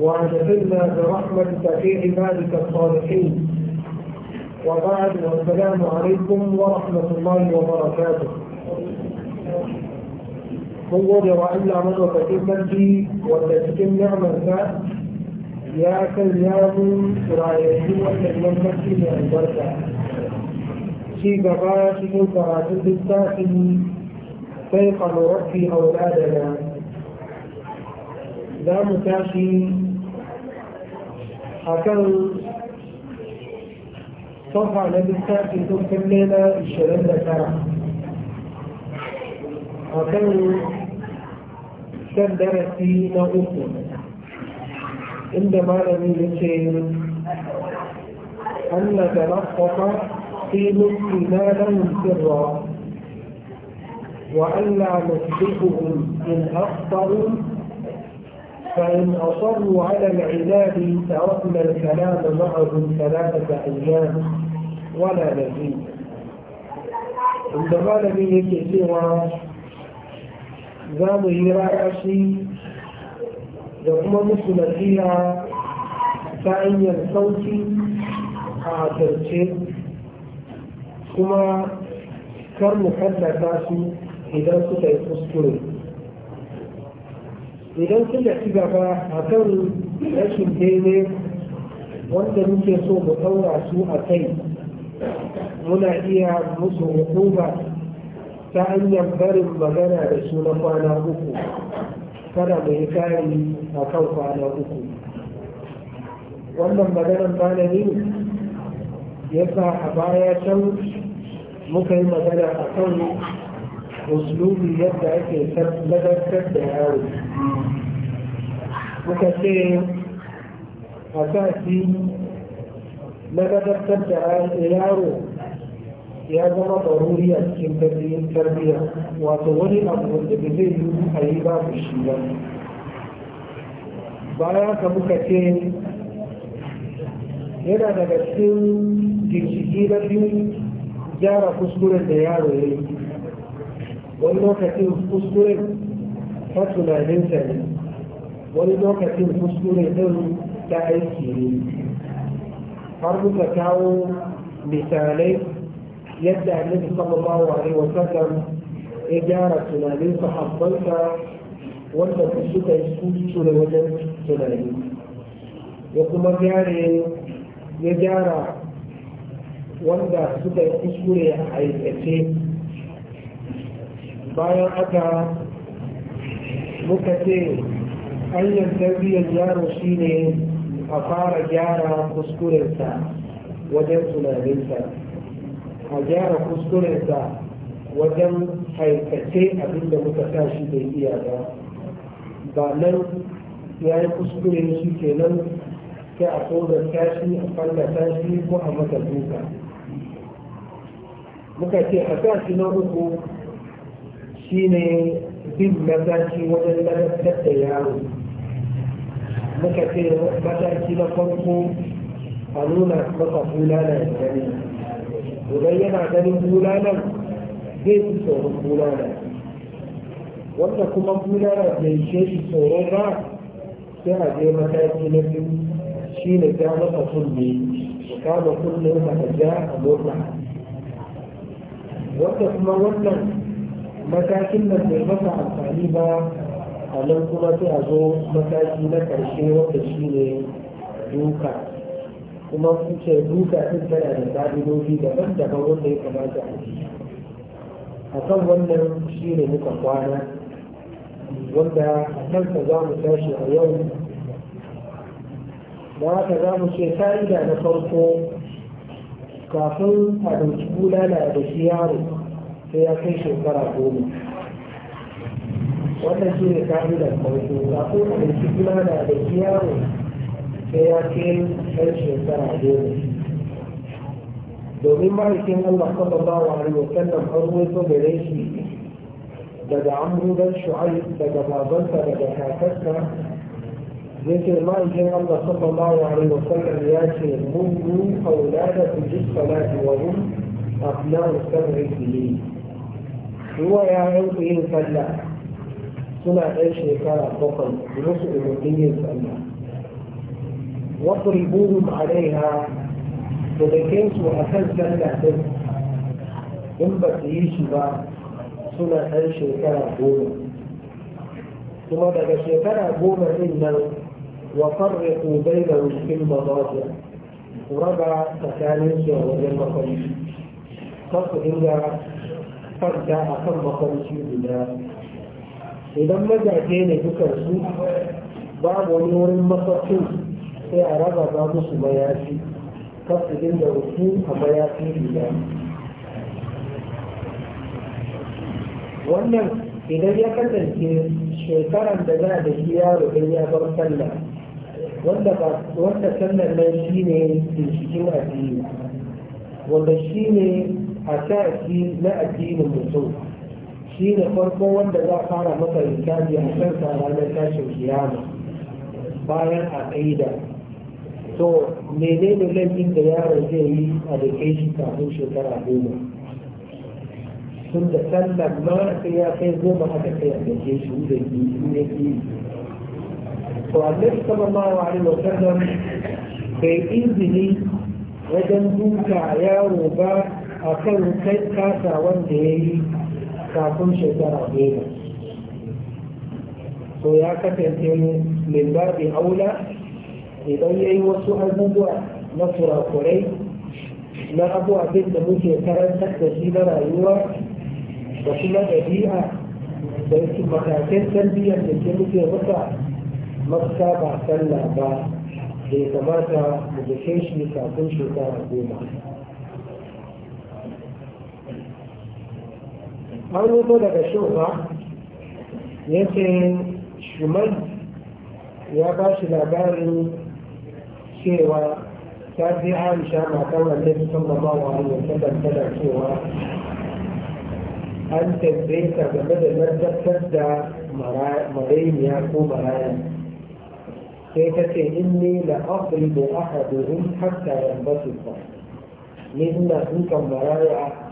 وأدخلنا برحمتك في عبادك الصالحين وبعد والسلام عليكم ورحمة الله وبركاته هو جوا إلا من وتكلم به نعم نعمة يا كلام رايته وتكلم به من بركة في قراءة من الساكن فيقل ربي أولادنا za mu tashi a kan sofa na littafi tun kalle na 29 a kan shan darasi na uku inda malami ya ce أن تلقف في نصف ما لهم سرا وألا نصبحهم إن أخطأوا فإن أصروا على العباد تركنا الكلام معهم ثلاثة أيام ولا نزيد عندما لم cewa za mu yi raya da kuma musu nasiha ta hanyar sauki a asirce kuma kar mu kallata su idan suka yi kuskure idan suka cigaba a kan rashin daidai wanda muke so mu ɗaura su a kai muna iya musu hukuma ta hanyar barin magana da su na kwana uku kada mu yi kari a kan kwana uku wannan maganar ya sa a baya can muka yi magana a kan uslubi yadda ake tabbatar da yaro muka ce a sati na gabatar da yaro ya zama baruri a cikin tarbiyya wato wani abu wanda da zai yi a yi shi ba baya ka muka ce yana daga cikin ginshiki na biyu gyara kuskuren da yaro ya yi wani lokacin kuskuren ta tunaninsa ne wani lokacin kuskure ɗin ta aiki ne har muka kawo misalai yadda annabi sallallahu alaihi wa sallam ya gyara tunanin sahabbansa wanda suka yi su wajen tunani ya kuma gyare ya gyara wanda suka yi kuskure a aikace bayan aka muka ce hanyar tarbiyyar yaro shine a fara gyara kuskurensa wajen tunaninsa a gyara kuskurensa wajen haikace abinda muka sa shi bai iya ba ba nan ya yi kuskure shi kenan sai a tsorata shi a fallata shi ko a mata duka muka ce a sa shi na uku shine bin mataki wajen ladabtar da yaro muka ce mataki na farko a nuna masa bulala ya gani idan yana ganin bulalan zai fi tsoron bulala wanda kuma bulala bai ishe shi tsoro ba sai a je mataki na biyu shi ne ta masa kunne kama kulle masa ja a motsa wanda kuma wannan matakin nan bai masa amfani ba a nan kuma sai a zo mataki na ƙarshe wanda shi ne duka kuma sun duka sun tana da ƙa'idoji daban-daban wanda ya kamata a yi a kan wannan shi ne muka kwana wanda a kanka za mu tashi a yau da haka za mu ce ka'ida na farko kafin a ɗauki bulala da shi yaro sai ya kai shekara goma wannan shi ne da farko a ko a ɗauki fulana da yaro sai ya kai kai shekara goma domin mahaifin Allah sallallahu ba wa sallam an wato da rashi. daga amrudan shu'ai daga babansa daga kakarsa yake mahaifin Allah sallallahu alaihi wa sallam ya ce mungu aulada fi ji salati wa hum abna'u sab'i sinin هو ya yanku yin sallah suna كان shekara بنصر musu umarnin yin عليها واضربوهم عليها فذكرت وأخذ ذلك إن بقيش سنة أن كان بوما ثم بقى شيطان أبونا إنا وفرقوا بينهم في المضاجع وربع تكاليس وجنب قريب إنا farka a kan mafarki guda idan mazaje ne dukansu babu wani wurin mafarkin sai a raba ba musu mayafi kan su dinga rufu a mayafi guda wannan idan ya kasance shekaran da za da shi yaro don ya bar sallah wanda sallar nan shi ne binciken addini wanda shi ne a shafi na addinin mutum shi ne farko wanda za a fara masa hisabi a kan sa ranar tashin kiyama bayan a ƙaida to menene laifin da yaro zai yi a da kai shi kafin shekara goma tun da sallar ma sai ya kai goma aka kai a da kai shi da yi to annabi sallallahu alaihi wa sallam bai izini wajen duka yaro ba a kan kai kasa wanda ya yi kafin shekara goma So ya kasance min babi aula idan ya yi wasu abubuwa na kurakurai na abubuwan da muke karanta da shi na rayuwa da kuma ɗabi'a da su matakin tarbiyyar da ke muke mata mafita ba sallah ba Bai ya kamata mu shi kafin shekara goma. an rubo daga shirwa ya ce shuman ya ba shi labarin cewa ta fi aisha matan annabi sallallahu alaihi wasallam tana cewa an tambaye ta game da nazartar da maraimiya ko maraya sai ta ce in ne inni la aqribu ahaduhum hatta ba, ni ina dukan maraya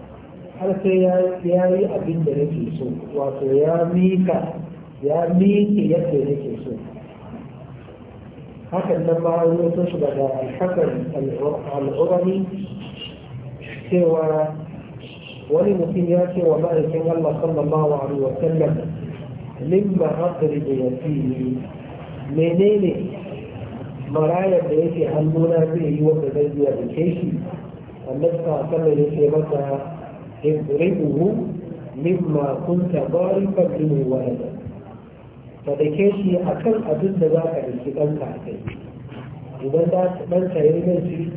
har sai ya yi abin da nake so wato ya mika ya miƙe yadda nake so hakan nan ma ya so shi daga alhakar al'urani cewa wani mutum ya ce wa ma'aikin Allah sallallahu alaihi wa sallam ba haƙari da yasiri menene marayar da yake hannuna zai yi wanda zai biya da shi annabi sallallahu alaihi wa sallam ya ce masa اضربه مما كنت ضاربا منه ولدا فدake shi a kan abin da za ka ɗauki ɗanka a kai idan za ya yi laifi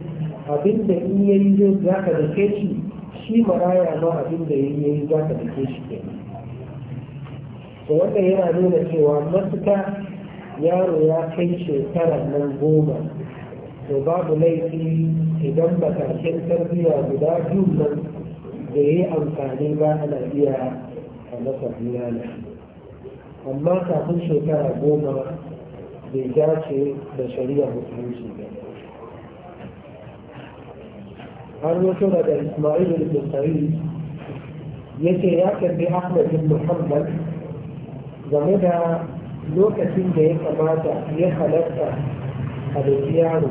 abin da in za ka shi shi maraya ma abin da ya za ka shi to wanda yana nuna cewa matuka yaro ya kai shekara nan goma to babu laifi idan ba karshen tarbiyya guda biyu nan به أو تعليم الأبياء نصف من الأحياء أما تكون شكا أبوما بجاش بشرية أنا أقول لك إسماعيل بن سعيد يتياكل بأحمد بن محمد ومدى لوكة تنجي كما تأخيها لك الاتيان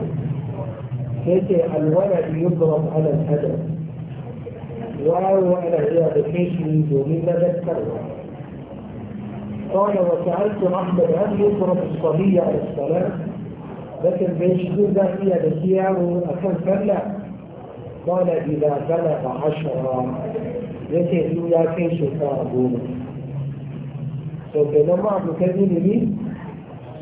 كيتي الولد يضرب على الهدف واو أنا من دون دومين أذكرها قال وسألت أحمد هل يطرد الصبي على الصلاة؟ لكن بيش كذا هي بكيا وأكل فلا قال إذا بلغ عشرة يتهدو يا كيش فاعبون فكذا ما بكذب لي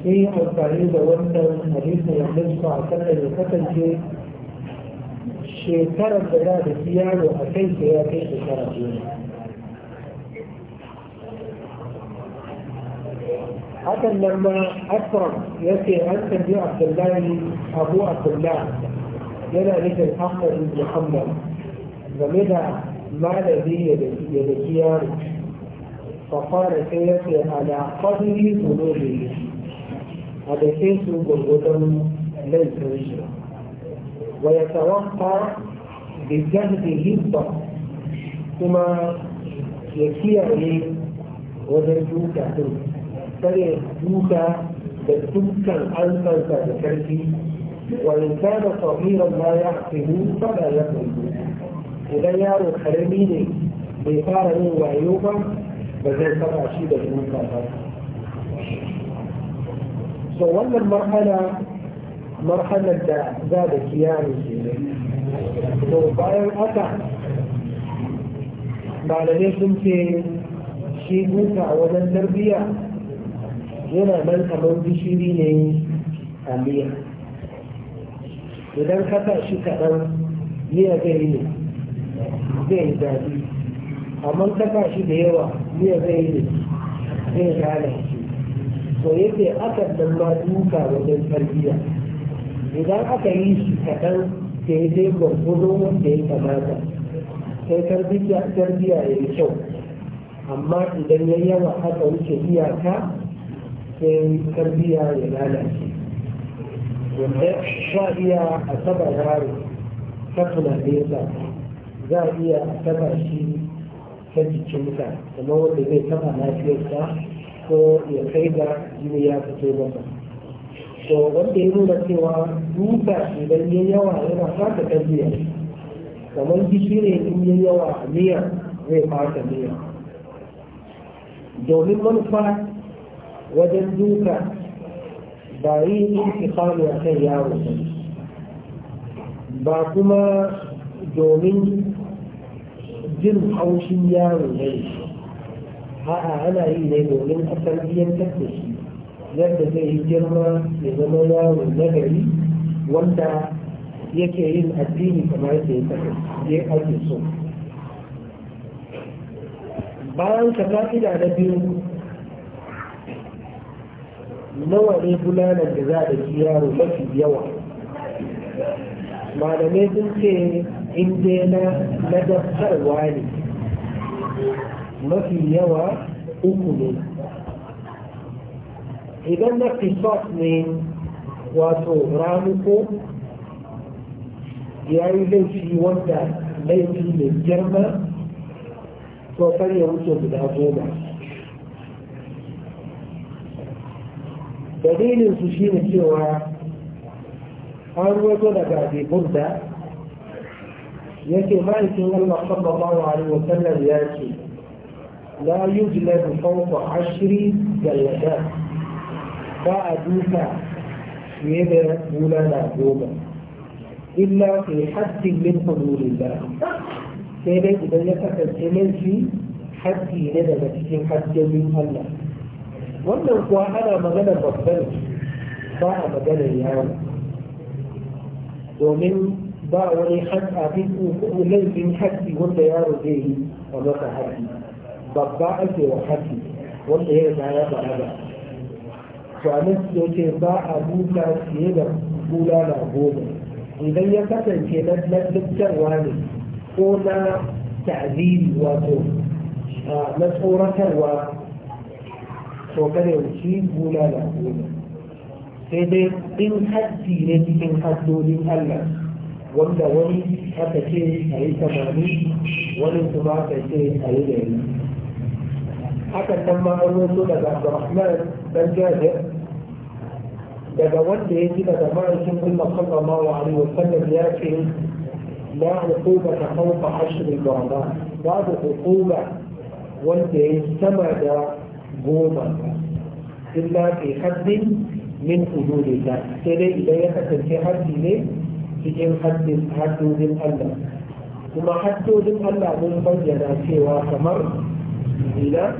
في الطريق وانت الحديث من النبي صلى الله عليه وسلم شيكرة إرادة سيادة أكي سيادة شيكرة سيادة حتى لما أكرم يسي أنت يا عبد الله أبو عبد الله يلا ليس الحق من محمد لماذا ما الذي يلكيان فقال سيدي على قدري ونوري هذا كيس قدر ليس رجل ويتوقع بجهده الضغط ثم يسيع اليه ودرجوك اعتمد فليرجوك بسلك الالف الفاتحه وان كان صغيرا لا يعقل فلا يقل إليا وخرميني بيقارنوا وعيوبا بزي سبع شيء بزي سبع شيء So one marhalar da za da kiyaye. ke to bayan haka malamai sun ce shi duka a wajen tarbiyya yana nan kamar gishiri ne a miya idan ka sa shi kaɗan miya zai ne zai yi daɗi amma ka sa shi da yawa miya zai ne zai gane shi to yake akan nan ma duka wajen tarbiyya idan aka yi shi kaɗan daidai gwargwadon wanda ya kamata sai tarbiyya ya yi kyau amma idan ya yawa haka wuce iyaka sai tarbiyya ya lalace wanda sha iya a saba yaro ta tunaninsa za a iya a saba shi ta jikinsa kamar wanda zai taba lafiyarsa ko ya kai ga jini ya fito masa to wanda ya nuna cewa duka idan ya yawa yana fata tarbiya kamar gishiri in ya yawa miya zai fata miya domin manufa wajen duka ba yi intiqami a kan yaro ba kuma domin jin haushin yaro ne a'a ana yi ne domin a biyan da shi yadda zai yi girma ya zama yaro nagari wanda yake yin addini kamar da ya ake so bayan ka ka'ida na biyu nawa ne bulanan da za a ji yaro mafi yawa malamai sun ce in dai na ne mafi yawa uku ne idan na kisas ne wato ramuko ya yi laifi wanda laifi mai girma to kar ya wuce guda goma dalilin su shi ne cewa an wato daga abibun da yake ma'aikin Allah sallallahu alaihi wa sallam ya ce la yujladu fawqa ashri jalladat ba a duka fiye da bulala goma illa fi haddin min hududillah sai dai idan ya kasance laifi haddi ne daga cikin haddin Allah wannan kuwa ana magana babban ba a magana yaro domin ba wani abin laifin haddi wanda yaro zai yi a masa haddi babba ake wa haddi wanda ya riga ya balaga to a yake ba a buta fiye da bulala goma idan ya kasance na lantarwa ne ko na ta'ziri wato na tsoratarwa to kada wuce bulala goma sai dai in haddi ne cikin haddodin Allah wanda wani aka ce a yi tamani wani kuma aka ce a yi da yi haka nan ma daga Abdurrahman dan Jabir daga wanda ya ji daga ma'aikin Allah kuma ma wa sallam ya ce la hukuba ta ba ashirin ba. babu hukuma wanda ya yi sama da goma illa ke haddin min ta, sai dai idan ya kasance haddi ne cikin haddin haddodin Allah kuma haddodin Allah mun bayyana cewa kamar zina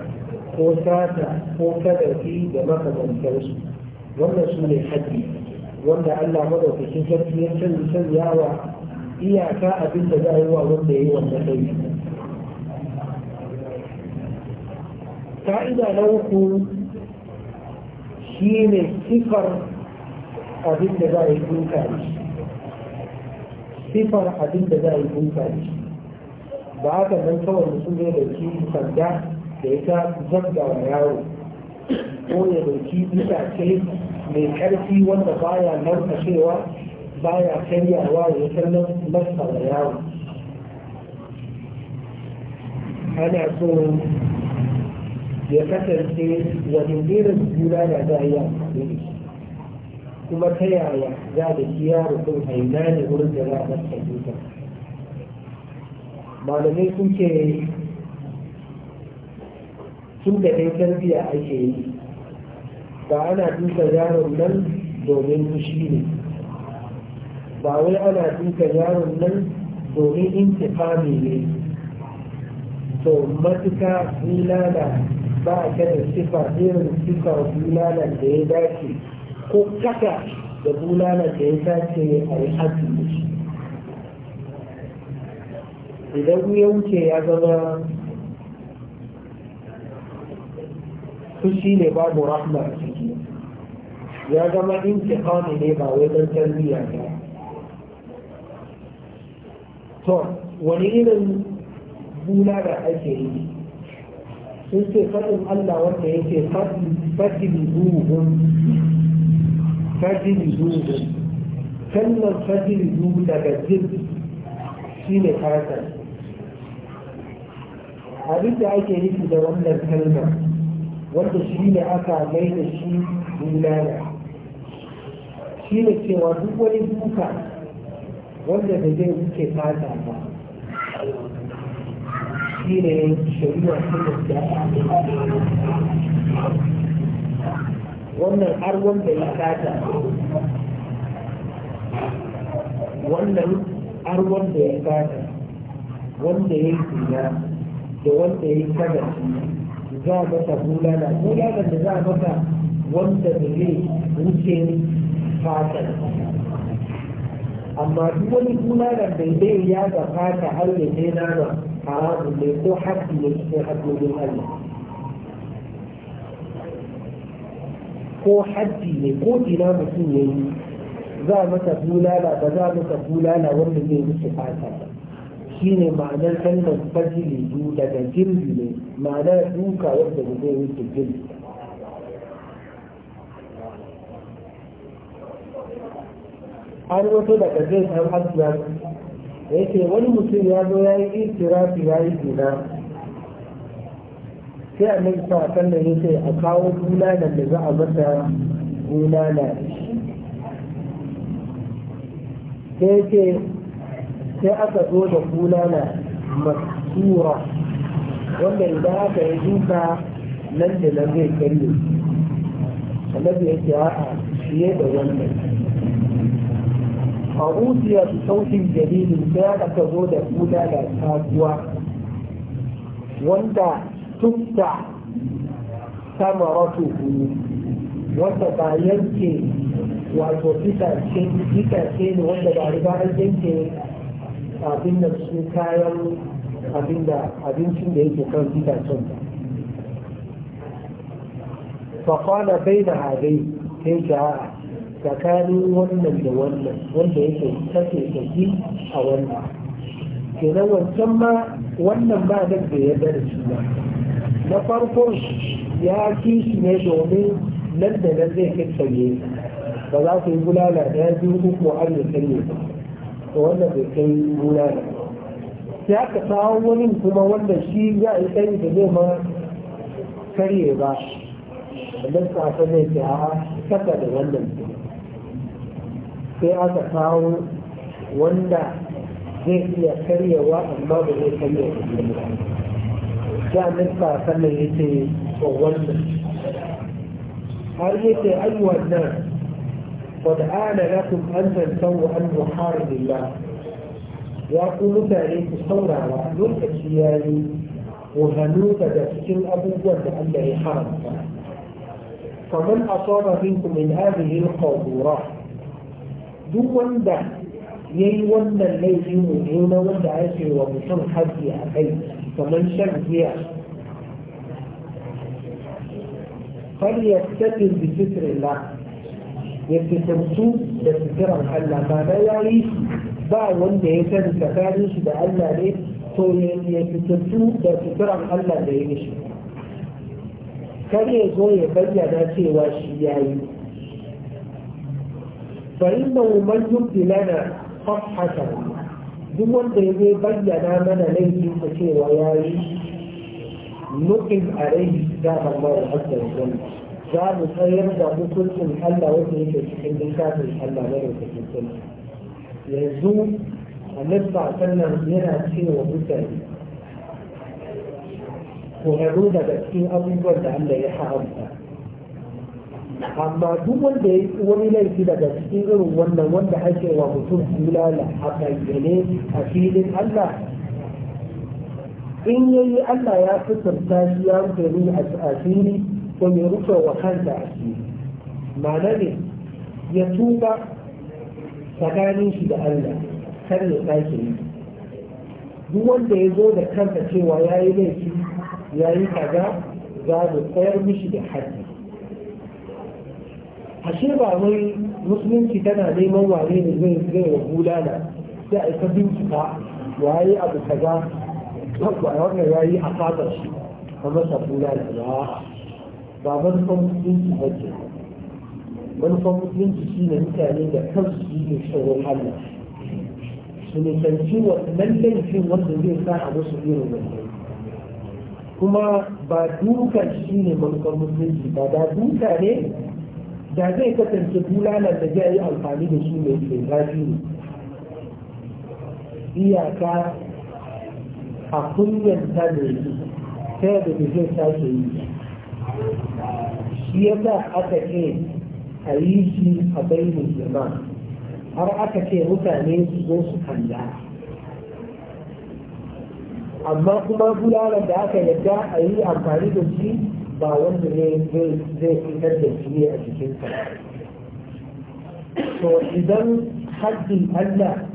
ko sata ko kadafi da makamantarsu wannan su ne haddi wanda Allah madaukakin sarki ya canza sanya wa iyaka abin da za a yi wa wanda ya yi wannan laifi ka'ida na uku shi ne sifar abin da za a yi duka da shi sifar abin da za a yi duka da shi ba haka nan kawai mutum zai dauki sanda da ita zabga wa yaro ko ya dauki itace mai karfi wanda baya narkashewa baya karyawa ya kallon masa da yawo ana so ya kasance wani irin juna na za a yi amfani kuma ta yaya za da iya rukun haina ne wurin da za a masa malamai sun ce tun da ɗan tarbiya ake yi ba ana duka yaron nan domin fushi ne ba wai ana duka yaron nan domin intifami ne to matuka bulala ba a da sifa irin sifar bulalan da ya dace ko kaka da bulalan da ya dace a yi shi idan ya wuce ya zama Su shi ne babu rahma a ciki ya zama kani ne ba wai don tarbiyya ba to wani irin buna da ake yi sun ce fadin Allah wanda yake fadin zuhun fadin zuhun kalmar fadin zuhun daga jin shi ne fatar abin da ake nufi da wannan kalmar wanda shi ne aka mai da shi bulala shi ne cewa duk wani duka wanda da zai wuce fata ba shi ne shari'a ta wannan har wanda ya fata wannan har wanda ya fata wanda ya yi da wanda ya yi kada za a masa bulala bulala da za a masa wanda da zai wuce fatan amma duk wani bulala da zai ya ga fata har ya je nama haramun ne ko haƙƙi ne cikin haƙƙoƙin Allah ko haddi ne ko ina mutum ya yi za a masa bulala ba za a masa bulala wanda zai wuce fata ba shine ma'anar kalmar du daga girbi ne ma'anar duka yadda da zai wuce girbi an wato daga zai san asiyar da ce wani mutum ya zo ya yi itirafi ya yi gina sai a nan sa kan ya ce a kawo gina da da za a masa shi sai ce sai aka zo da bulala masura wanda idan aka yi duka nan da nan zai karye annabi ya ce a'a fiye da wannan a usiya su sautin jaririn sai aka zo da da kasuwa, wanda tufta tukuni, wanda ba yanke wato itace ne wanda ba riga an yanke abin da su kayan abin da abincin da yake kan itacen ta fakwana bai da hadai sai ga tsakanin wannan da wannan wanda yake kake tafi a wannan kenan wancan ma wannan ba nan da ya da shi ba na farko ya ki shi ne domin nan da nan zai kai ba za su yi bulala da ya biyu uku an yi sanye ba to wannan bai kai nuna ba. sai aka kawo wani kuma wanda shi ya yi kai da zai ma karye ba da aka zai ce a kasa da wannan sai aka kawo wanda zai iya karyewa amma ba zai karye ba ya nufa sannan ya ce wannan har yake ai wannan قد آن لكم أن تنسوا عن محارم الله يقول متعني تصور على أنون السياري وهنوك دفتين أبوة لأن لا يحرم فمن أصاب منكم من هذه القبورات دون ده yayi wannan laifi mummuna wanda ake wa mutum haji a kai kamar shan giya falyattakin bi fitrillah ya fitattu da suturan Allah ba ya yi ba wanda ya sani tsakanin shi da Allah ne to ya fitattu da suturan Allah da ya yi shi kar ya zo ya bayyana cewa shi ya yi فإنه من يبدي لنا duk wanda ya zai bayyana mana laifin ka cewa ya yi nukin a rai da Allah ya hasar za mu tsayar da hukuncin Allah wanda yake cikin littafin Allah na lokacin sulhu yanzu annabi sallallahu yana cewa mutane ko haro daga cikin abubuwan da Allah ya haramta amma duk wanda ya yi wani laifi daga cikin irin wannan wanda ake wa mutum bulala a bayyane a filin Allah in yayi Allah ya fitarta shi ya rufe ni a fili kwenye mai rufe wa kanta a ma'ana ne ya tuba tsakanin shi da Allah kar ya sake yi duk wanda ya zo da kanta cewa ya yi laifi ya yi kaza za mu tsayar mishi da haddi ashe ba wai musulunci tana neman wane ne zai zai wa gudana, sai a ita bincika ya yi abu kaza wannan ya yi a fata shi kamar sa da ba ba manufan musulunci ba ce manufan musulunci shi ne mutane da kansu su yi tsoron Allah su ne nisanci wannan laifin wanda zai sa a musu irin wannan kuma ba duka shi ne manufan musulunci ba da duka ne da zai kasance bulanan da zai yi amfani da shi mai ke zafi ne iyaka a kunyar ta ne ta yadda zai sake yi shi yasa aka ce a yi shi a bai musulman har aka ce mutane su zo su kalla amma kuma gudanar da aka yadda a yi amfani da shi ba wanda ne zai fitar da shi a sa to idan haddin allah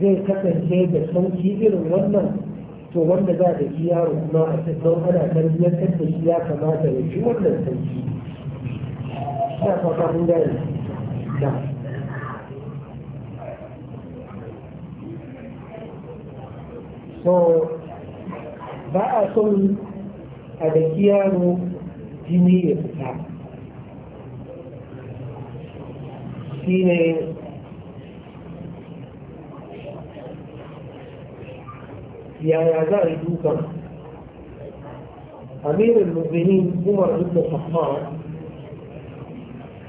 zai kasance da sauki irin wannan to wanda za da shi yaro kuma a cikin ana tarbiyyantar da shi ya kamata ya ci wannan sarki na fata mun gane da so ba a son a da yaro jini ya fita shi ne yaya za a yi dukan amirin mu'minin umar ibn khattab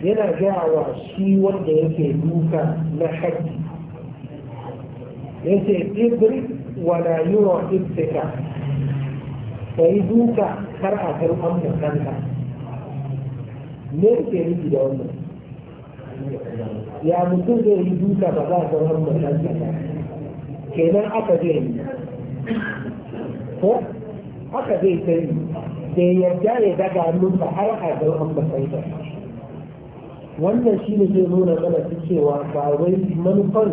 yana gawa shi wanda yake duka na haƙƙi yace ibri wala yura ibtika kai duka kar a kar amma kanka me yake nufi da wannan ya mutum zai yi duka ba za a kar amma kanka kenan aka zai yi ko haka zai kai da yarda ya daga hannunsa har a gaban basai da wannan shi ne zai nuna mana su cewa ba wai manufan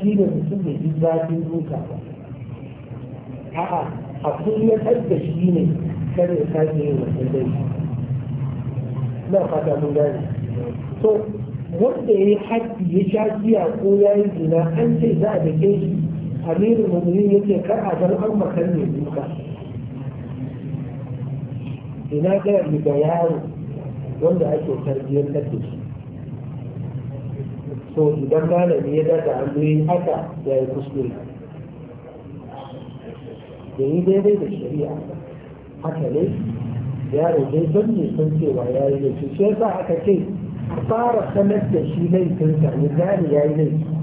shi ne su mutum da ji zafin duka ba a'a a kullum da shi ne kada ya sake yin wasan dai na fata mun gane so wanda ya yi haddi ya sha giya ko ya yi zina an ce za a dake shi amirul ya yake kar a bar an makar ne duka ina ga riga yaro wanda ake tarbiyyar da shi so idan malami ya daga hannu haka ya yi kuskure da yi daidai da shari'a haka ne yaro dai don ne san cewa ya yi laifi shi yasa aka ce fara sanar da shi laifin sa ya gane ya yi laifi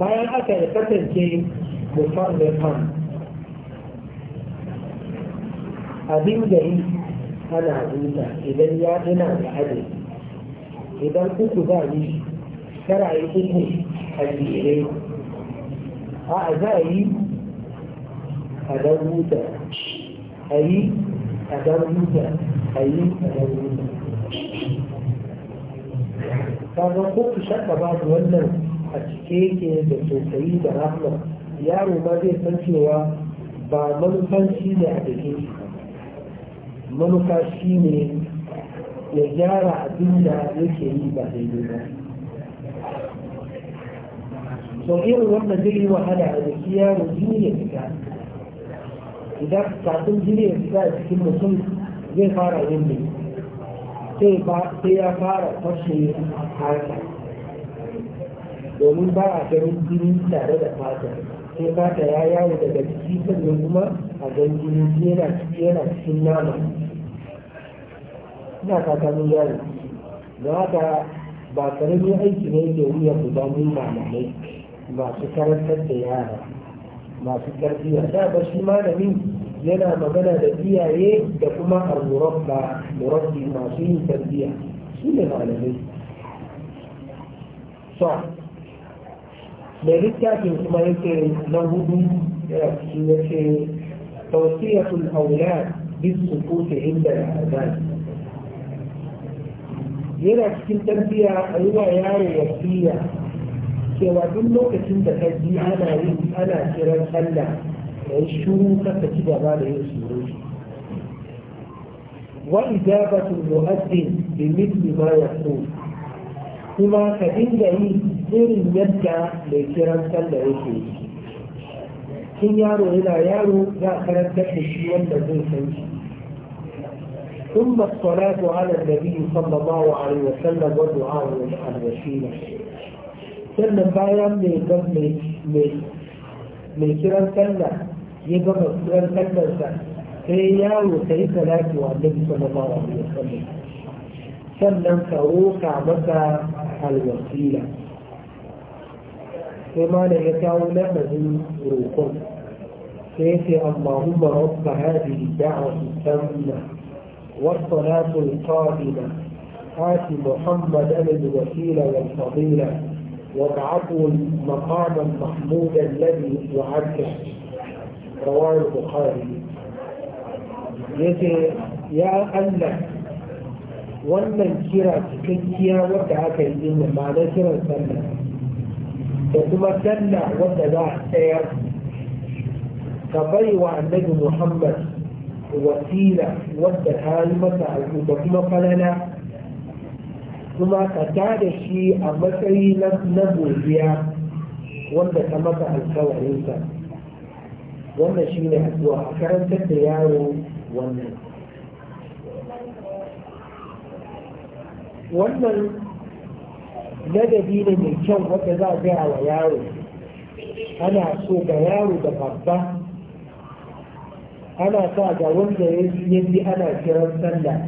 bayan aka ya kasance musamman abin da yi ana huta idan ya ina da ade idan uku za yi kara yi uku a jere a a za yi a dan huta a yi a dan huta a yi a dan huta kaga ko ku shaka babu wannan a cike yake da tausayi da rahama yaro ma zai san cewa ba manufan shi ne a jikin shi manufa shi ne ya gyara abin da yake yi ba daidai ba so irin wannan jirgin wahala a jiki yaro jini ya fita idan kafin jini ya fita a cikin mutum zai fara yin ne sai ya fara fashe harka domin ba a ganin jini tare da fata sai fata ya yawo daga jiki sannan kuma a gan jini yana ciki yana cikin nama ina fata yaro haka ba karamin aiki ne ke wuya ku ba mun malamai masu karantar da yara masu tarbiyya sa ba shi malamin yana magana da iyaye da kuma al-murabba murabbi masu yin tarbiyya shi ne malamai so mai littafin kuma yake na hudu eh, shi yake tausiyatul aulad bisukuti inda al'adhan yana cikin tarbiyya a yi wa yaro wasiya cewa duk lokacin da ka ji ana yin ana kiran sallah ya ya shuru kasa ci gaba da yin surutu wa ijabatul mu'addin bi mithli ma yaqul kuma ka dinga yi irin yadda mai kiran sallah yake yi Kin yaro yana yaro za a karanta da shi wanda zai san shi ثم الصلاة على النبي صلى الله عليه وسلم والدعاء الوسيلة sannan bayan mai kiran sallah ya gama kiran sallarsa sai yaro ta yi salati wa annabi كم لم تروك عمدا الوسيلة كما نجتعو لمن روك كيف اللهم رب هذه الدعوة التامة والصلاة القادمة آت محمد الوسيلة والفضيلة وابعثه المقام المحمود الذي يعجل رواه البخاري يا الله wannan kira cikakkiya wadda aka yi yin ma kiran sallah da kuma sallah wadda za a tsayar ka bai wa annabi muhammad wasila wadda ta yi masa da kuma falala kuma ka ta da shi a matsayi na godiya wanda ta masa alkawarinsa wannan shi ne a karantar da yaro wannan wannan ladabi ne mai kyau wanda za a gaya wa yaro ana so ga yaro da babba ana sa ga wanda ya ji ana kiran sallah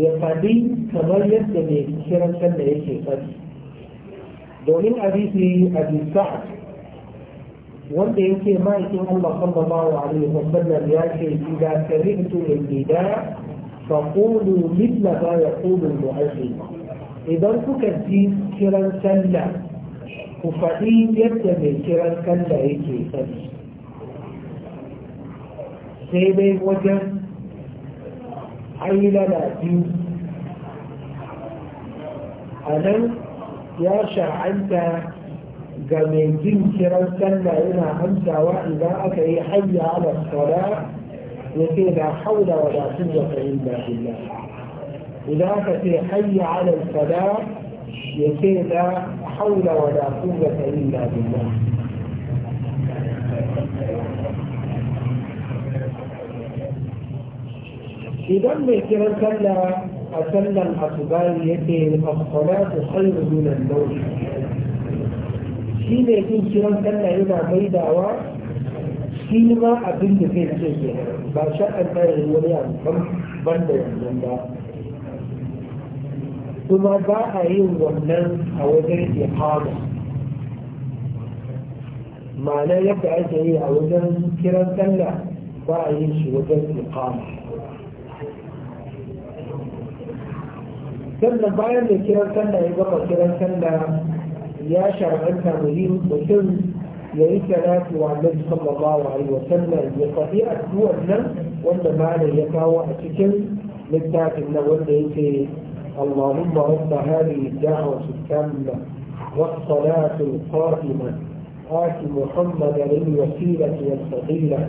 ya faɗi kamar yadda mai kiran sallah yake faɗi domin abisi abisa wanda yake ma'aikin Allah sallallahu alaihi wasallam ya ce idan sami'tu al gida فقولوا مثل ما يقول المؤذن اذا تكذب كرا كلا كفائين يتبع كرا كلا هيكي تبي سيدي وجن عيل لا دين أنا يا شرعنك جميل كرا كلا هنا همسة وإذا أكي حي على الصلاة يكون لا حول ولا قوة إلا بالله إذا أنت في حي على الفلاة يكون لا حول ولا قوة إلا بالله إذا مثلا كلا أتلا أتبال يكي الصلاة خير من النوم. شيء يكون كلا إذا بيدا واحد shi ma abin da zai ce ke ba sha'an ta yi wani abu ban da yanzu ba kuma ba a yin wannan a wajen ihama ma'ana yadda ake yi a wajen kiran sallah ba a yin shi wajen ihama sannan bayan da kiran sallah ya gama kiran sallah ya shar'anta mutum يريكالات النبي صلى الله عليه وسلم يقضي أدو أدنى وانا معنى يكاوى أتكل من ذات النوال اللهم رب هذه الدعوة الكاملة والصلاة القائمة آت محمد للوسيلة والفضيلة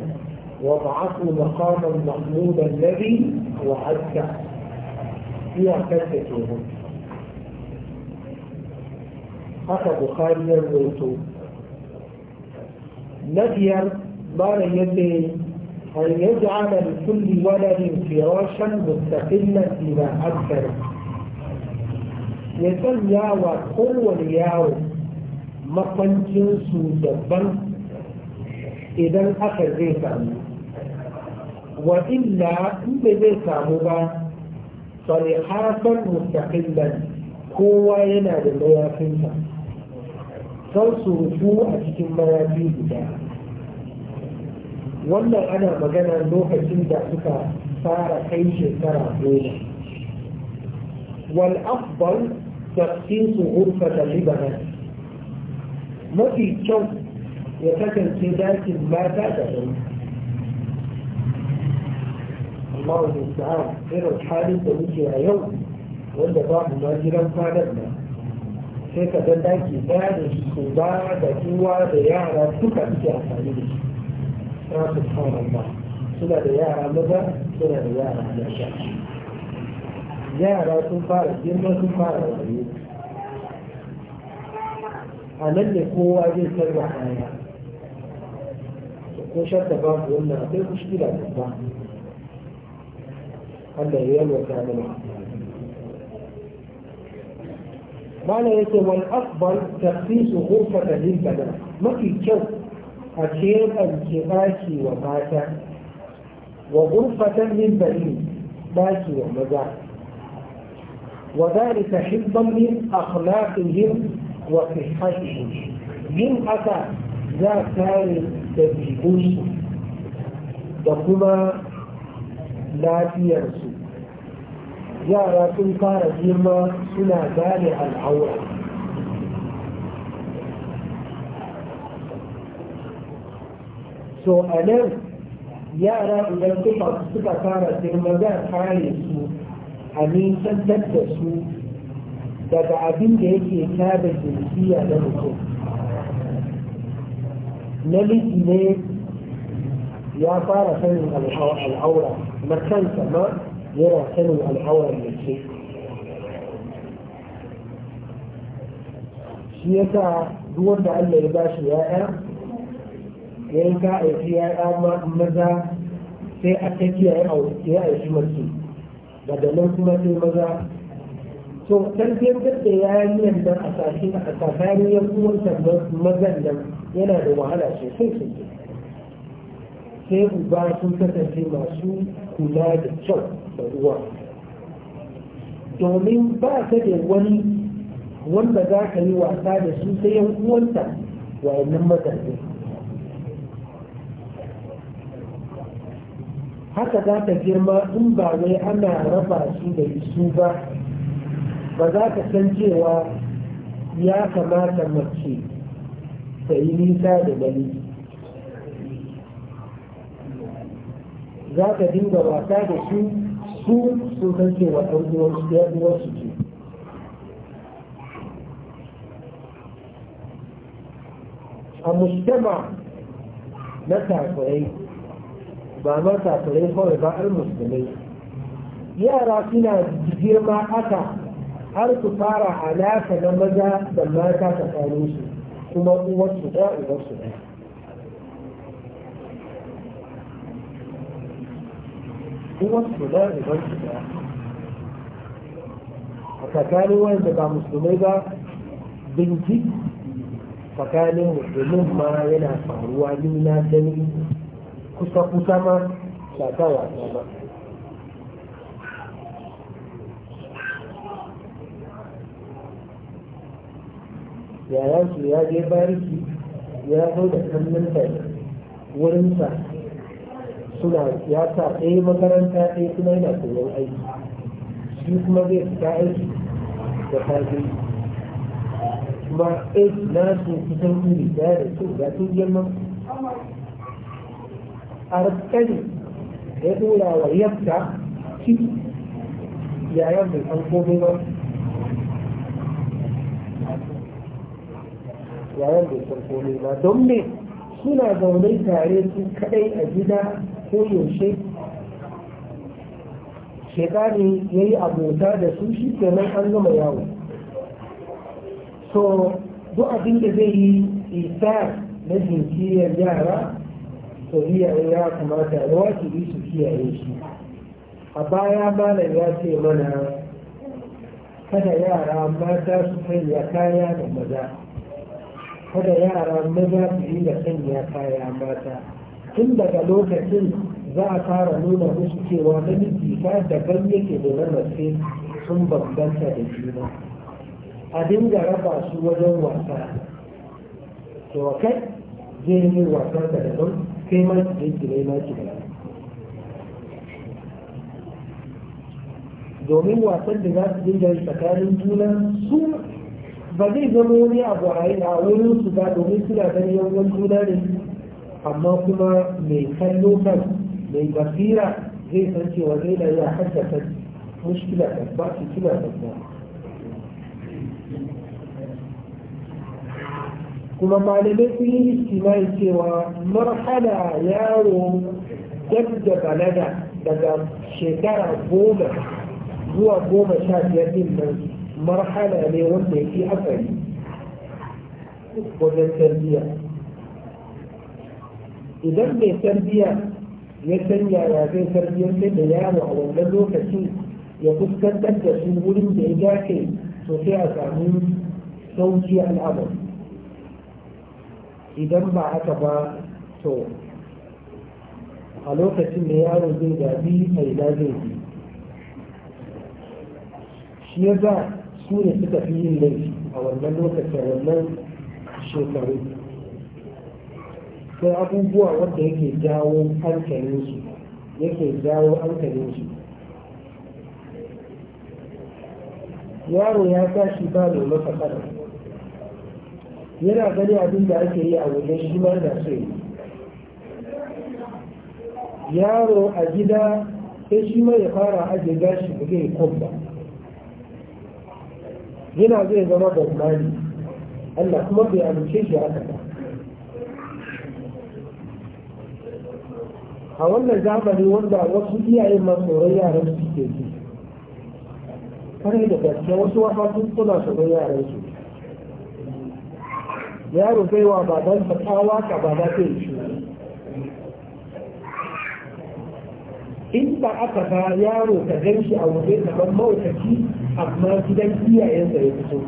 وابعثوا مقام المحمود الذي وعدك في عكسته هذا بخاري يرويته نفيا بار يدي أن يجعل لكل ولد فراشا مستقلا إلى أكثر يسمى ياوى قوة ياوى مقن جنس دبن إذا أخر ذيك وإلا إن ذيك أمبا صريحاتا مستقلا قوة ينادي الله san surutu a cikin mayafi guda انا مجانا نوحة lokacin سكا سارة حيش سارة shekara والأفضل تقسيط غرفة لبنان ما في كم يتكن سيدات ما بعد الله المستعان إلى الحال الذي يوم وإن بعض ما جرى فعلنا sai ka ga daki daya da su ba da uwa da yara duka suke amfani da shi ta su ba suna da yara maza suna da yara mata yara sun fara girma sun fara rayu a nan ne kowa zai sarra kaya ko shakka babu wannan akwai da ba Allah ya kamar mana معنى لا يتي والأفضل تخصيص غرفة للبدن ما في كو أشير الكباش وماتا وغرفة للبنين باكي ومزاج وذلك حفظا من أخلاقهم وصحتهم من أتى لا كان تجيبوش وكما لا تيرسو جارة انكار جيمة الى دارع العورة سؤالين يارا إذا كنت أصدق أثارا في المدار حاليسو أمين سنتدسو دادا أبين جايكي إتابة جنسية لنكو نالي جنيه يا فارا فين الأورا مكان سمار yana sanin al'aurar mace shi ya sa duk da Allah ya bashi ya'ya yayin ka aiki ya'ya maza sai a ta kiyaye ya aiki mace daga nan kuma sai maza to tarbiyyantar da yarinyar nan a sashi a tsakanin yan uwan mazan nan yana da wahala sosai sosai sai uba sun kasance masu kula da kyau da ruwa domin ba ta da wani wanda za ka yi wasa da su sai yan uwanta wayannan haka za ta girma in ba wai ana raba su da isu ba ba za ka san cewa ya kamata mace ta yi nisa da namiji za ka dinga wasa da su su su san cewa ɗan su ce a mujtama na tafirai ba ma tafirai kawai ba har musulmai yara suna girma aka har su fara alaka na maza da mata tsakaninsu kuma uwarsu ɗaya uwarsu ɗaya su da riban su da a tsakanin wanda ba musulmai ba binci tsakanin musulmin ma yana faruwa ni na gani kusa kusa ma ba ta wasa ba yayansu ya je bariki ya zo da kallon wurinsa suna ya sa ɗaya makaranta ɗaya suna yana koyon aiki shi kuma zai fita aiki da kafin kuma aiki na su kusan iri ɗaya da su ga sun girma a rikani ya ɗora wa yadda shi yayan bai san komai ba yayan bai san komai ba don me suna zaune tare su kadai a gida ko yaushe shekari ya yi abota da su shi kenan an gama yawo so duk abinda zai yi isa na jinkiyar yara to iyaye ya kamata ya wajibi su kiyaye shi a baya malam ya ce mana kada yara mata su sanya kaya da maza kada yara maza su yi da sanya kaya mata tun daga lokacin za a fara nuna musu cewa namiji ta daban yake da na mace sun bambanta da juna a dinga raba su wajen wasa to kai zai yi wasan da daban kai ma ki ne ki nema ki domin wasan da za su dinga yi tsakanin juna su ba zai zama wani abu a wurin su ba domin suna ganin yawan juna ne amma kuma mai kallo kan mai basira zai san cewa zai da ya haddasa mushkila babba cikila babba kuma malamai sun yi istimai cewa marhala yaro dab da balaga daga shekara goma zuwa goma sha biyar din nan marhala ne wanda ya fi hatsari wajen tarbiyya idan mai tarbiya ya sanya ya zai tarbiyar sai da yaro a wannan lokacin ya fuskantar da su wurin da ya dace to sai a samu sauki al'amari idan ba haka ba to a lokacin da yaro zai gabi a zai yi shi ya za su ne suka fi yin laifi a wannan lokacin wannan shekaru sai abubuwa wanda yake jawo hankalinsu yake jawo hankalinsu yaro ya tashi ba da masa kada yana gani abin da ake yi a wajen shi ma da so yaro a gida sai shi ma ya fara ajiye gashi da zai kwamba yana zai zama da Allah kuma bai amince shi haka ba a wannan zamani wanda wasu iyayen ma tsoron yaran su ke ji kare da gaske wasu wasu suna tsoron yaran su yaro zai wa babansa tsawa ka ba za ta yi shi in ba aka ba yaro ka gan shi a waje kamar mawukaci amma gidan iyayensa ya fito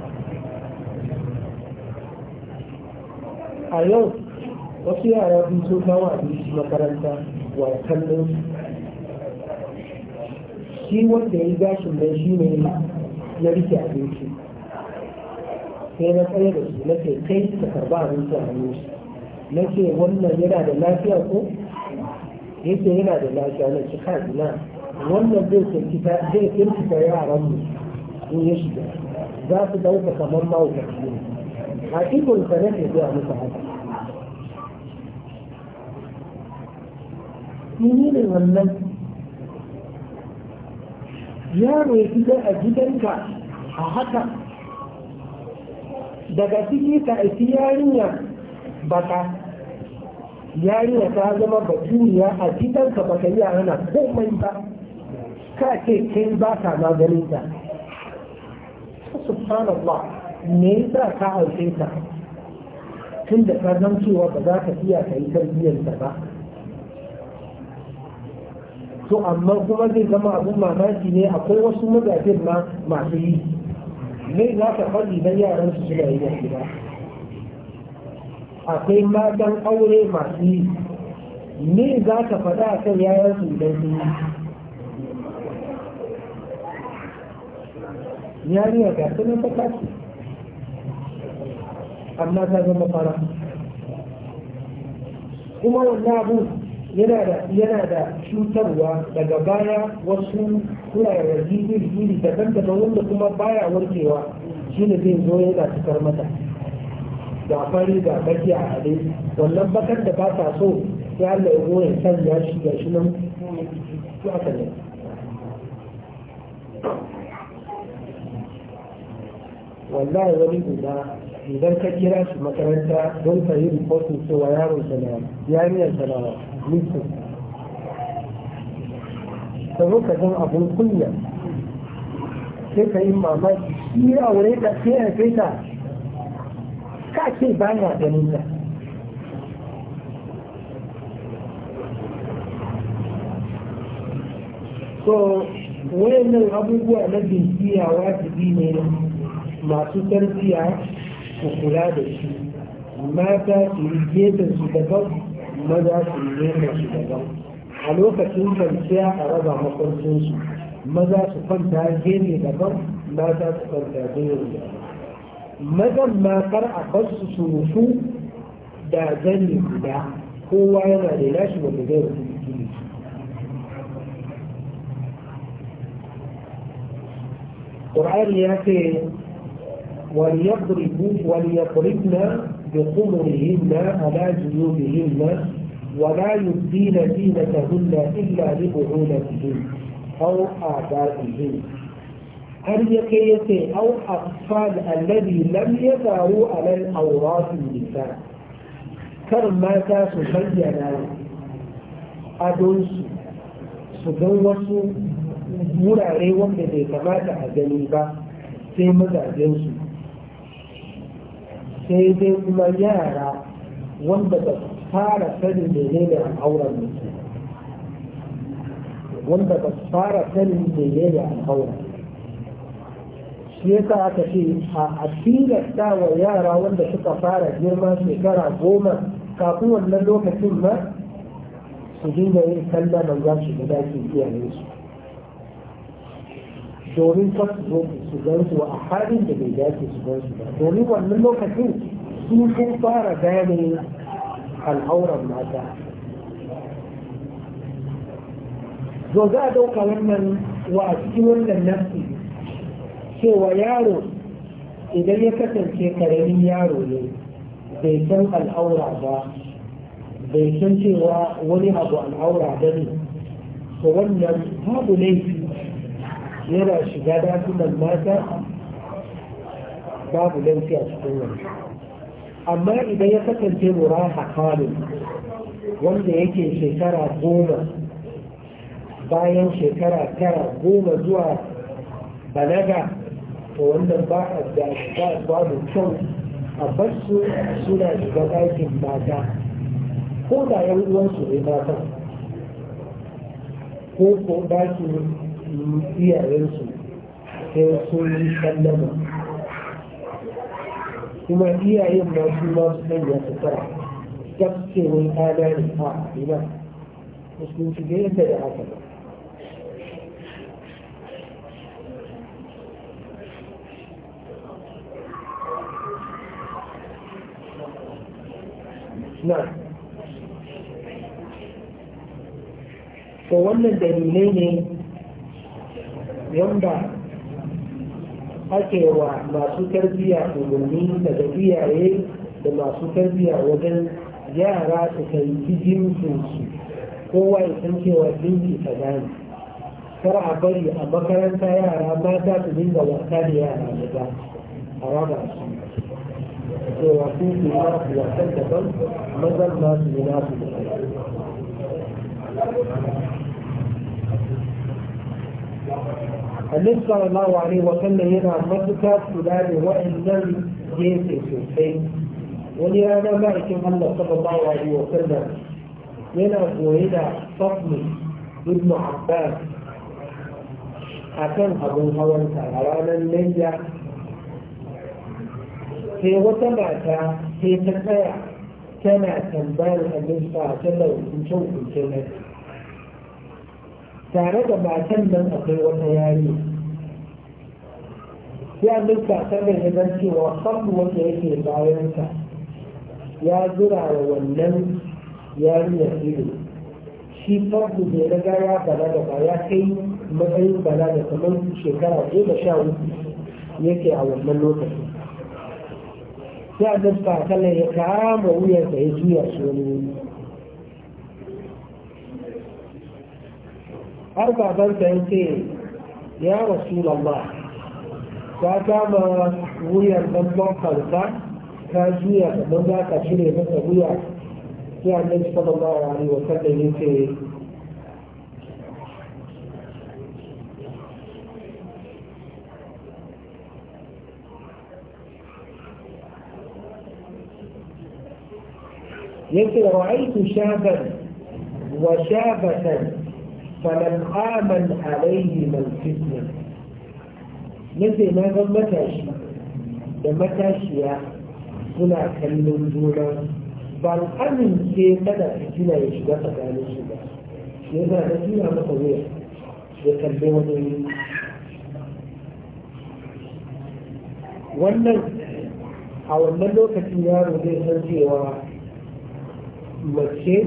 a yau wasu yara sun so kawo abinci makaranta wasan shi wanda ya yi gashin da shi ne na rike abinci sai na tsaye da su na ce kai ka karba abinci a hannun shi na ce wannan yana da lafiya ko yake yana da lafiya na ci na wannan zai kirkita zai kirkita yaran mu in ya shiga za su dauka kamar mawukaci ne a ikon ka nake zuwa musu haka ne wannan yaro ya fi a gidanka a haka daga ciki ka aiki yarinya baka yarinya ta zama batuniya a gidanka baka yi a ana komai ba ka ce kai ba ka ma ganin ta subhanallah me yasa ka aike ta tun da ka zan cewa ba za ka iya ka yi tarbiyyar ba to amma kuma zai zama abin mamaki ne akwai wasu mazajen ma masu yi me za ka faɗi na yaran su suna yi a gida akwai matan aure masu yi me za ka faɗa a kan yaran su idan sun yi yariya ga sunan ta kaci amma ta zama fara kuma wannan abu? yana da cutarwa daga baya wasu kurarraji iri-iri daban-daban wanda kuma baya warkewa ne zai zo yana cikar mata ga fari da bakiya a hade wannan bakar da ba ta so ya Allah ya goya sanya shi ga shi nan su aka ne wallahi wani guda idan ka kira shi makaranta don ka yi rikotin cewa yaron sa na yariyar sa na mutum ta zo ka zan abun kunya sai ka yi mamaki shi wuri ka sai ya kai ta ka ce ba ya ganin ta so wayannan abubuwa na binciya wajibi ne masu tarbiyya ku kula da shi mata su yi gefen su daban maza su yi gefen su daban a lokacin kwanciya a raba su maza su kwanta gefe daban mata su kwanta gefe daban mazan makar kar a bar su rufu da zani guda kowa yana da nashi wanda zai rufu jini Qur'ani ya وليضربوا وليضربن بخمرهن على جيوبهن ولا يبدين زينتهن إلا لبعولتهن أو اعدائهن هل يكيت أو أطفال الذي لم يثاروا على الأوراق النساء كرما تبين ادوس سدوس wurare وكذا bai kamata a gani ba sai dai kuma yara wanda ba su fara sanin menene al'auran mutum wanda ba su fara sanin menene auren. shi yasa aka ce a tilasta wa yara wanda suka fara girma shekara goma kafin wannan lokacin ma su dinga yin sallah manzan su da dakin iyayensu domin kar su zo su a halin da bai dace su gansu su ba domin wannan lokacin sun sun fara ganin al'auran mata zo za a ɗauka wannan wa a cikin wannan nafi cewa yaro idan ya kasance karamin yaro ne bai san al'aura ba bai san cewa wani abu al'aura ba ne to wannan babu laifi yana shiga dakunan mata babu laifi a cikin wani amma idan ya kasance mura halin wanda yake shekara goma bayan shekara tara goma zuwa balaga to wannan ba a da babu kyau a bar su suna shiga ɗakin mata ko da yan uwansu ne mata ko ko ɗakin iyayensu sai sun yi sallama kuma iyayen ma su ma su ya su tara gaske wai ana ne a ina musulunci da yadda da haka ba na ko wannan dalilai ne yanda ake wa masu tarbiyya umarni daga iyaye da masu tarbiyya wajen yara su kai su kowa ya san cewa ta gane kar a bari a makaranta yara za su dinga wasa da yara ba a raba su cewa su su ba su wasan daban mazan ma su na su النبي صلى الله عليه وسلم هنا مكة سلالة وإن لم ينسل في الحين ولأنا ما يكون الله صلى الله عليه وسلم هنا وإلى فطن ابن عباس أكن أبو هوان تعالى النجا في وتمعتا في تكايا كما تنبال النبي صلى الله عليه وسلم من شوق الجنة tare da matan nan akwai wata yari ya duka sanar da nan cewa hannu wanda yake bayanta ya zura wa wannan yari ya ido shi farko bai riga ya da ba ya kai matsayin da kamar shekara goma sha uku yake a wannan lokacin ya duka sanar ya kama wuyar da ya juya shi wani أربع بنتين يا رسول الله فأتاما ويا المنبع خلقا كازويا منبع كاشيري بس في يا النبي صلى الله عليه وسلم يتي يتي رأيت شابا وشابة falan آمن عليه من فتنة nace na ga matashi da matashiya suna kallon juna ban amince kada fitina ya shiga tsakanin ba shi yasa wannan a wannan lokacin yaro zai san cewa mace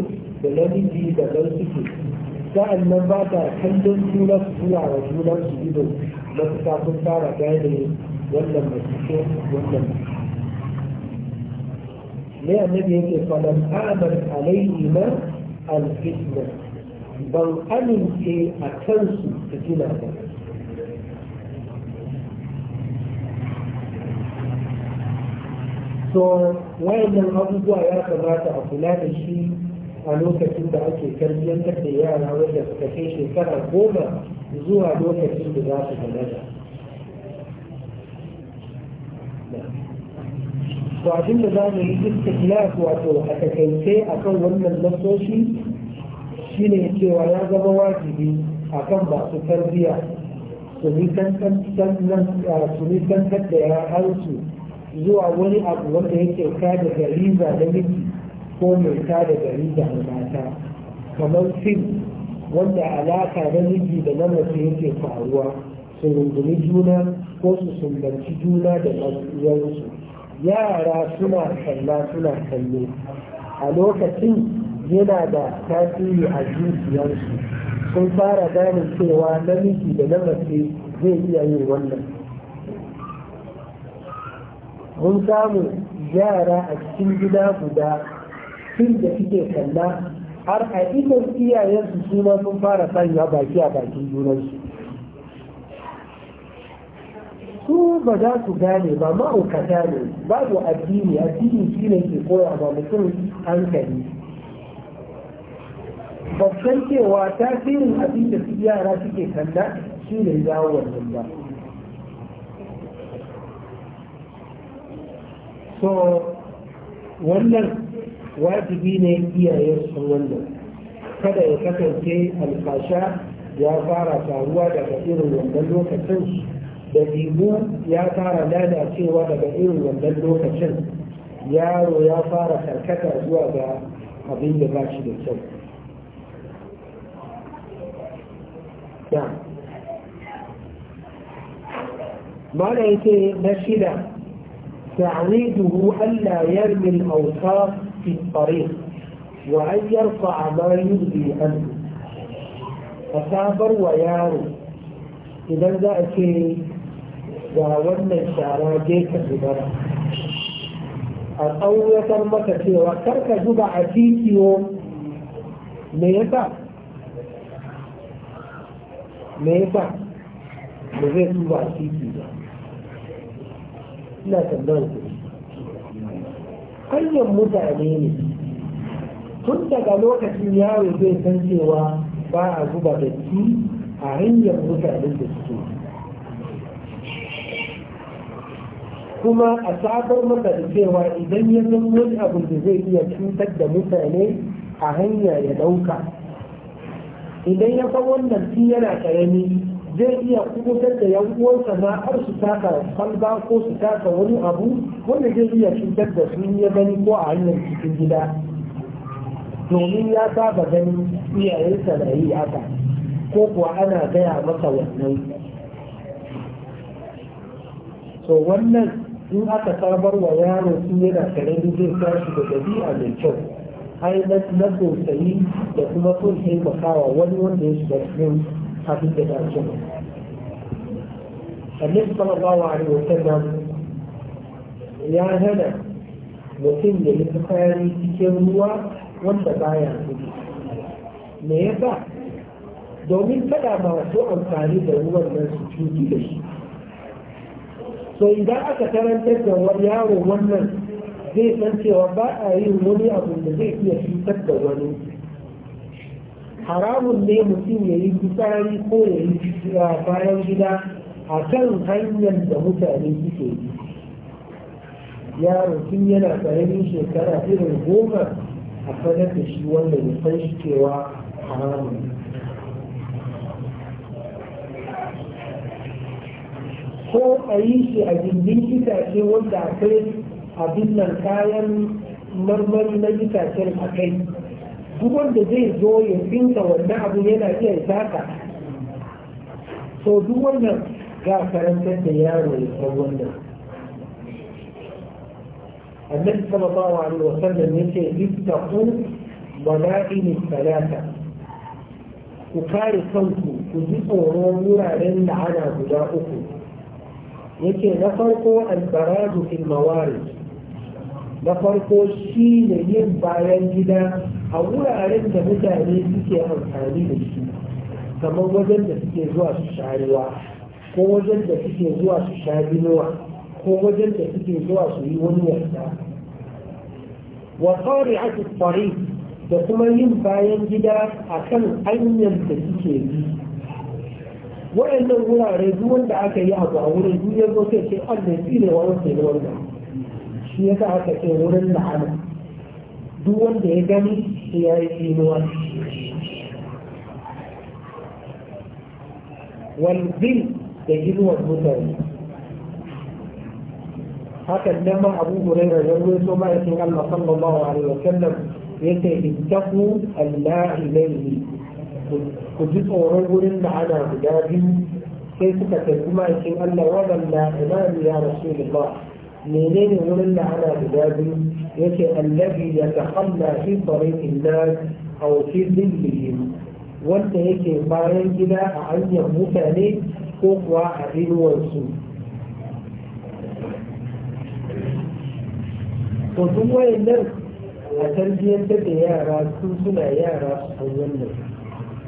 da namiji da ɗan suke sa'an nan ba ta kallon juna su zuwa wa juna su ido da su kafin fara gane wannan mace wannan ne da yake falan amar alaihi na alfitna ban amince a kansu su gina ba so wayannan abubuwa ya kamata a kula da shi a lokacin da ake karbiyantar da yara wadda suka kai shekara goma zuwa lokacin da za su balaga to abin da za mu yi istiklaf wato a takaice akan wannan nasoshi shine cewa ya zama wajibi akan masu tarbiyya su nisantar da harsu zuwa wani abu wanda yake kada gariza da miki ko mai tada gari da mata kamar fil wanda alaka na miji da na mace yake faruwa su rungumi juna ko su sumbanci juna da ɗan'uwansu yara suna kalla suna kallo a lokacin yana da tasiri a zuciyarsu sun fara ganin cewa namiji da na mace zai iya yin wannan mun samu yara a cikin gida guda fil da suke kalla har a ikon iyayensu su ma sun fara sanya baki a bakin junansu su ba za su gane ba ma'aukata ne babu addini addini shi ne ke koya ba mutum hankali babban cewa tasirin abin da su yara suke kalla shi ne jawo wannan ba so wannan wajibi ne iyayen sun wannan kada ya kasance alfasha ya fara taruwa daga irin wannan lokacin da bibu ya fara lalacewa daga irin wannan lokacin yaro ya fara karkata zuwa ga abin da ba shi da kyau mana yake na shida تعويده ألا يرمي الأوصاف في الطريق وأن يرفع ما يبدي عنه أصابر ويارو إذا ذا أكيد وداوم الشارع جيك بدرة أو يترمك في وكرك جبع فيك يوم ميتا ميتا مزيد جبع فيك يوم لا تنبغي Hanyar mutane ne tun daga lokacin yaro zai san cewa ba a zuba da ci a hanyar mutane da suke kuma a sabar masa da cewa idan ya san wani abu da zai iya cutar da mutane a hanya ya ɗauka idan ya san wannan ci yana ƙarami zai iya kubutar da yan uwansa na har su taka kwalba ko su taka wani abu wanda zai iya cutar da su ya gani ko a hanyar cikin gida domin ya saba gani iyayensa da yi haka ko kuwa ana gaya masa wannan so wannan in aka sabar wa yaro su da karami zai tashi da ɗabi'a mai kyau yi na sosai da kuma sun taimakawa wani wanda ya shiga cikin hafi da ta Sannan Annabi sallallahu alaihi wa sallam ya hana mutum ya yi cikin ruwa wanda baya gudu me ya ba domin kada su amfani da ruwan nan su cuti da shi so idan aka karantar da wani yaro wannan zai san cewa ba a yi wani abu da zai iya cutar da wani haramun ne mutum ya yi fitsari ko ya yi ah, bayan gida a kan hanyar da mutane suke yi yaro tun yana ƙaramin shekara irin goma a fadar da shi wanda ya san shi cewa haramun ko a yi shi a gindin itace wanda a kai abin nan kayan marmari na itacen a kai duk wanda zai zo ya finka wannan abu yana iya zaka so duk wannan ga karantar da yaro ya san wannan النبي صلى الله عليه وسلم يقول اتقوا ضلائل الثلاثة وكاري صوتي وجيبوا نورا لن على غداؤكم yake na farko albaradu fil mawari na farko shi ne yin bayan gida a wuraren da mutane suke amfani da shi kamar wajen da suke zuwa su sharewa ko wajen da suke zuwa su sha ko wajen da suke zuwa su yi wani yarda wa qari'atu tariq da kuma yin bayan gida akan hanyar da suke bi waɗannan wurare duk wanda aka yi abu a wurin duk ya sai ce Allah ne wa wanda ne wannan shi yasa aka ce wurin la'ana duk wanda ya gani sai ya yi tsinuwa wal da ginuwar mutane hakan nan ma abu huraira ya ruwaito ma'aikin allah sallallahu alaihi wa sallam ya ce ittaku allah ilaihi ku ji tsoron wurin da ana guda biyu sai suka tafi ma ma'aikin allah waɗanda imani ya rasulullah menene wurin da ana guda biyu ya ce allabi ya takhalla fi tariqin nas aw fi dhillihim wanda yake bayan gida a hanyar mutane ko kuwa a inuwarsu to duk wayannan a tarbiyyar da yara sun suna yara a wannan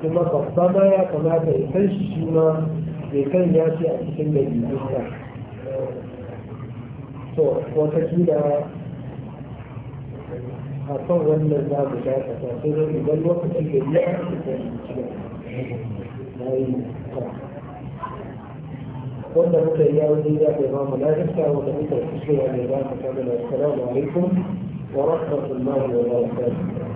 kuma babba ma ya kamata ya san shi shi ma bai kan ya ce a cikin da bibinsa to watakila a kan wannan za mu ta sai dai idan lokaci da ya ci da yi yi wanda muka yi yawon jirgin da ba mu lafiya wanda muka fi shiwa ne ba mu kamar assalamu alaikum wa rahmatullahi wa barakatuh